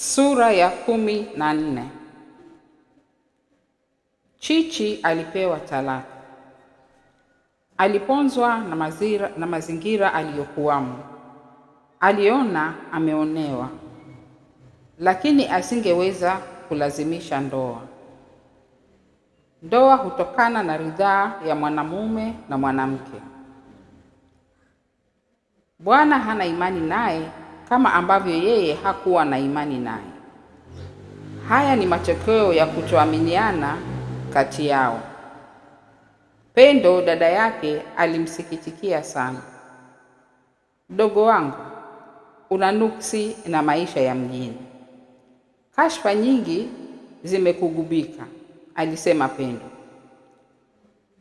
Sura ya kumi na nne. Chichi alipewa talaka. Aliponzwa na mazira, na mazingira aliyokuwamo. Aliona ameonewa, lakini asingeweza kulazimisha ndoa. Ndoa hutokana na ridhaa ya mwanamume na mwanamke. Bwana hana imani naye kama ambavyo yeye hakuwa na imani naye. Haya ni matokeo ya kutoaminiana kati yao. Pendo dada yake alimsikitikia sana, mdogo wangu una nuksi na maisha ya mjini, kashfa nyingi zimekugubika, alisema Pendo.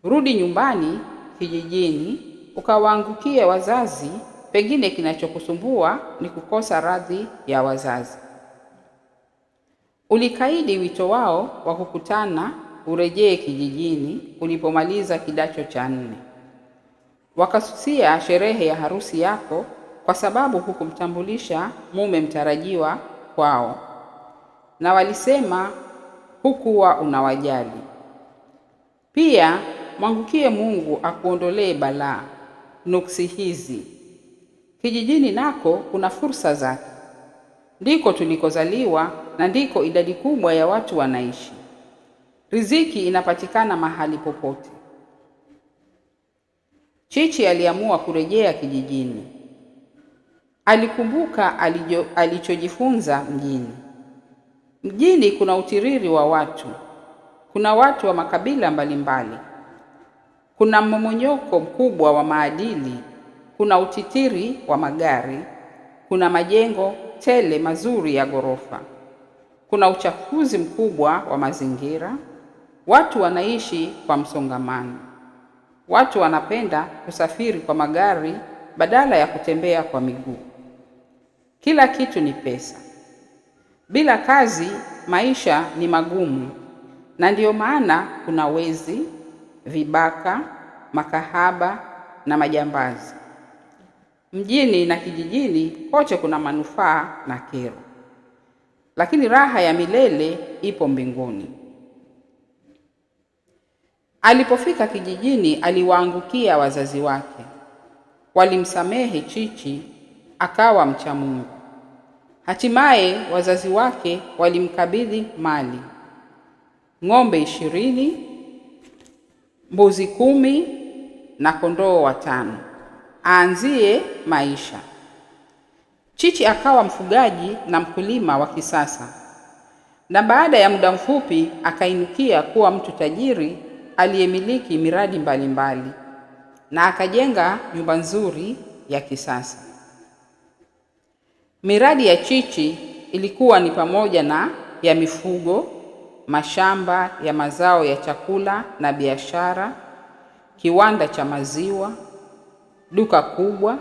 Rudi nyumbani kijijini ukawaangukie wazazi Pengine kinachokusumbua ni kukosa radhi ya wazazi. Ulikaidi wito wao wa kukutana urejee kijijini ulipomaliza kidacho cha nne. Wakasusia sherehe ya harusi yako kwa sababu hukumtambulisha mume mtarajiwa kwao, na walisema hukuwa unawajali. Pia mwangukie Mungu akuondolee balaa nuksi hizi. Kijijini nako kuna fursa zake, ndiko tulikozaliwa na ndiko idadi kubwa ya watu wanaishi. Riziki inapatikana mahali popote. Chichi aliamua kurejea kijijini. Alikumbuka alijo, alichojifunza mjini. Mjini kuna utiriri wa watu, kuna watu wa makabila mbalimbali mbali. Kuna mmomonyoko mkubwa wa maadili kuna utitiri wa magari, kuna majengo tele mazuri ya ghorofa, kuna uchafuzi mkubwa wa mazingira, watu wanaishi kwa msongamano, watu wanapenda kusafiri kwa magari badala ya kutembea kwa miguu. Kila kitu ni pesa. Bila kazi maisha ni magumu, na ndiyo maana kuna wezi, vibaka, makahaba na majambazi. Mjini na kijijini kote kuna manufaa na kero, lakini raha ya milele ipo mbinguni. Alipofika kijijini, aliwaangukia wazazi wake, walimsamehe chichi, akawa mcha Mungu. Hatimaye wazazi wake walimkabidhi mali, ng'ombe ishirini, mbuzi kumi na kondoo watano aanzie maisha. Chichi akawa mfugaji na mkulima wa kisasa, na baada ya muda mfupi akainukia kuwa mtu tajiri aliyemiliki miradi mbalimbali mbali, na akajenga nyumba nzuri ya kisasa. Miradi ya Chichi ilikuwa ni pamoja na ya mifugo, mashamba ya mazao ya chakula na biashara, kiwanda cha maziwa duka kubwa,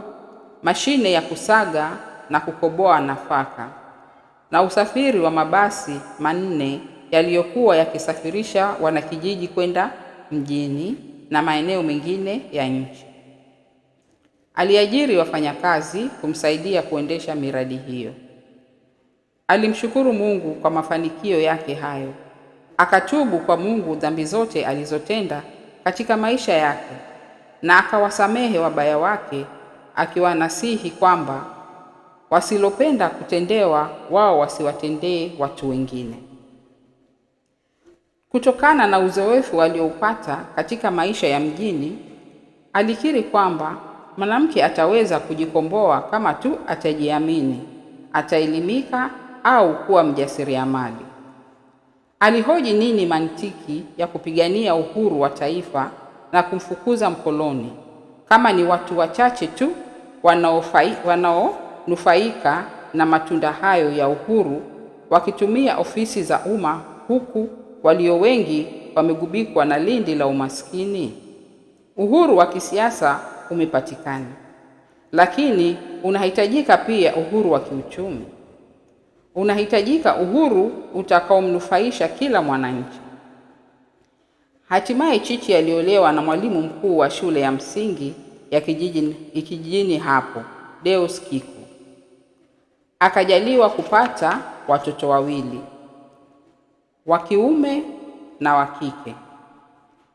mashine ya kusaga na kukoboa nafaka na usafiri wa mabasi manne yaliyokuwa yakisafirisha wanakijiji kwenda mjini na maeneo mengine ya nchi. Aliajiri wafanyakazi kumsaidia kuendesha miradi hiyo. Alimshukuru Mungu kwa mafanikio yake hayo, akatubu kwa Mungu dhambi zote alizotenda katika maisha yake na akawasamehe wabaya wake, akiwanasihi kwamba wasilopenda kutendewa wao wasiwatendee watu wengine. Kutokana na uzoefu alioupata katika maisha ya mjini, alikiri kwamba mwanamke ataweza kujikomboa kama tu atajiamini, ataelimika au kuwa mjasiriamali. Alihoji nini mantiki ya kupigania uhuru wa taifa na kumfukuza mkoloni. Kama ni watu wachache tu wanaonufaika na matunda hayo ya uhuru, wakitumia ofisi za umma, huku walio wengi wamegubikwa na lindi la umaskini. Uhuru wa kisiasa umepatikana, lakini unahitajika pia uhuru wa kiuchumi. Unahitajika uhuru utakaomnufaisha kila mwananchi. Hatimaye Chichi aliolewa na mwalimu mkuu wa shule ya msingi ya kijijini hapo, Deus Kiku. Akajaliwa kupata watoto wawili wa kiume na wa kike,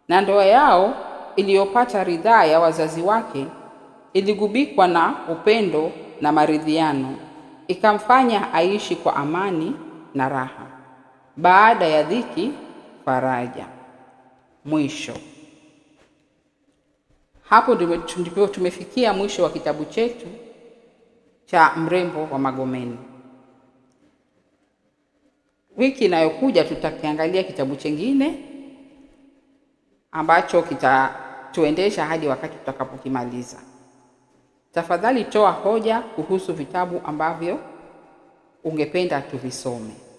na ndoa yao iliyopata ridhaa ya wazazi wake iligubikwa na upendo na maridhiano, ikamfanya aishi kwa amani na raha, baada ya dhiki faraja mwisho. Hapo ndipo tumefikia mwisho wa kitabu chetu cha Mrembo wa Magomeni. Wiki inayokuja tutakiangalia kitabu chengine ambacho kitatuendesha hadi wakati tutakapokimaliza. Tafadhali toa hoja kuhusu vitabu ambavyo ungependa tuvisome.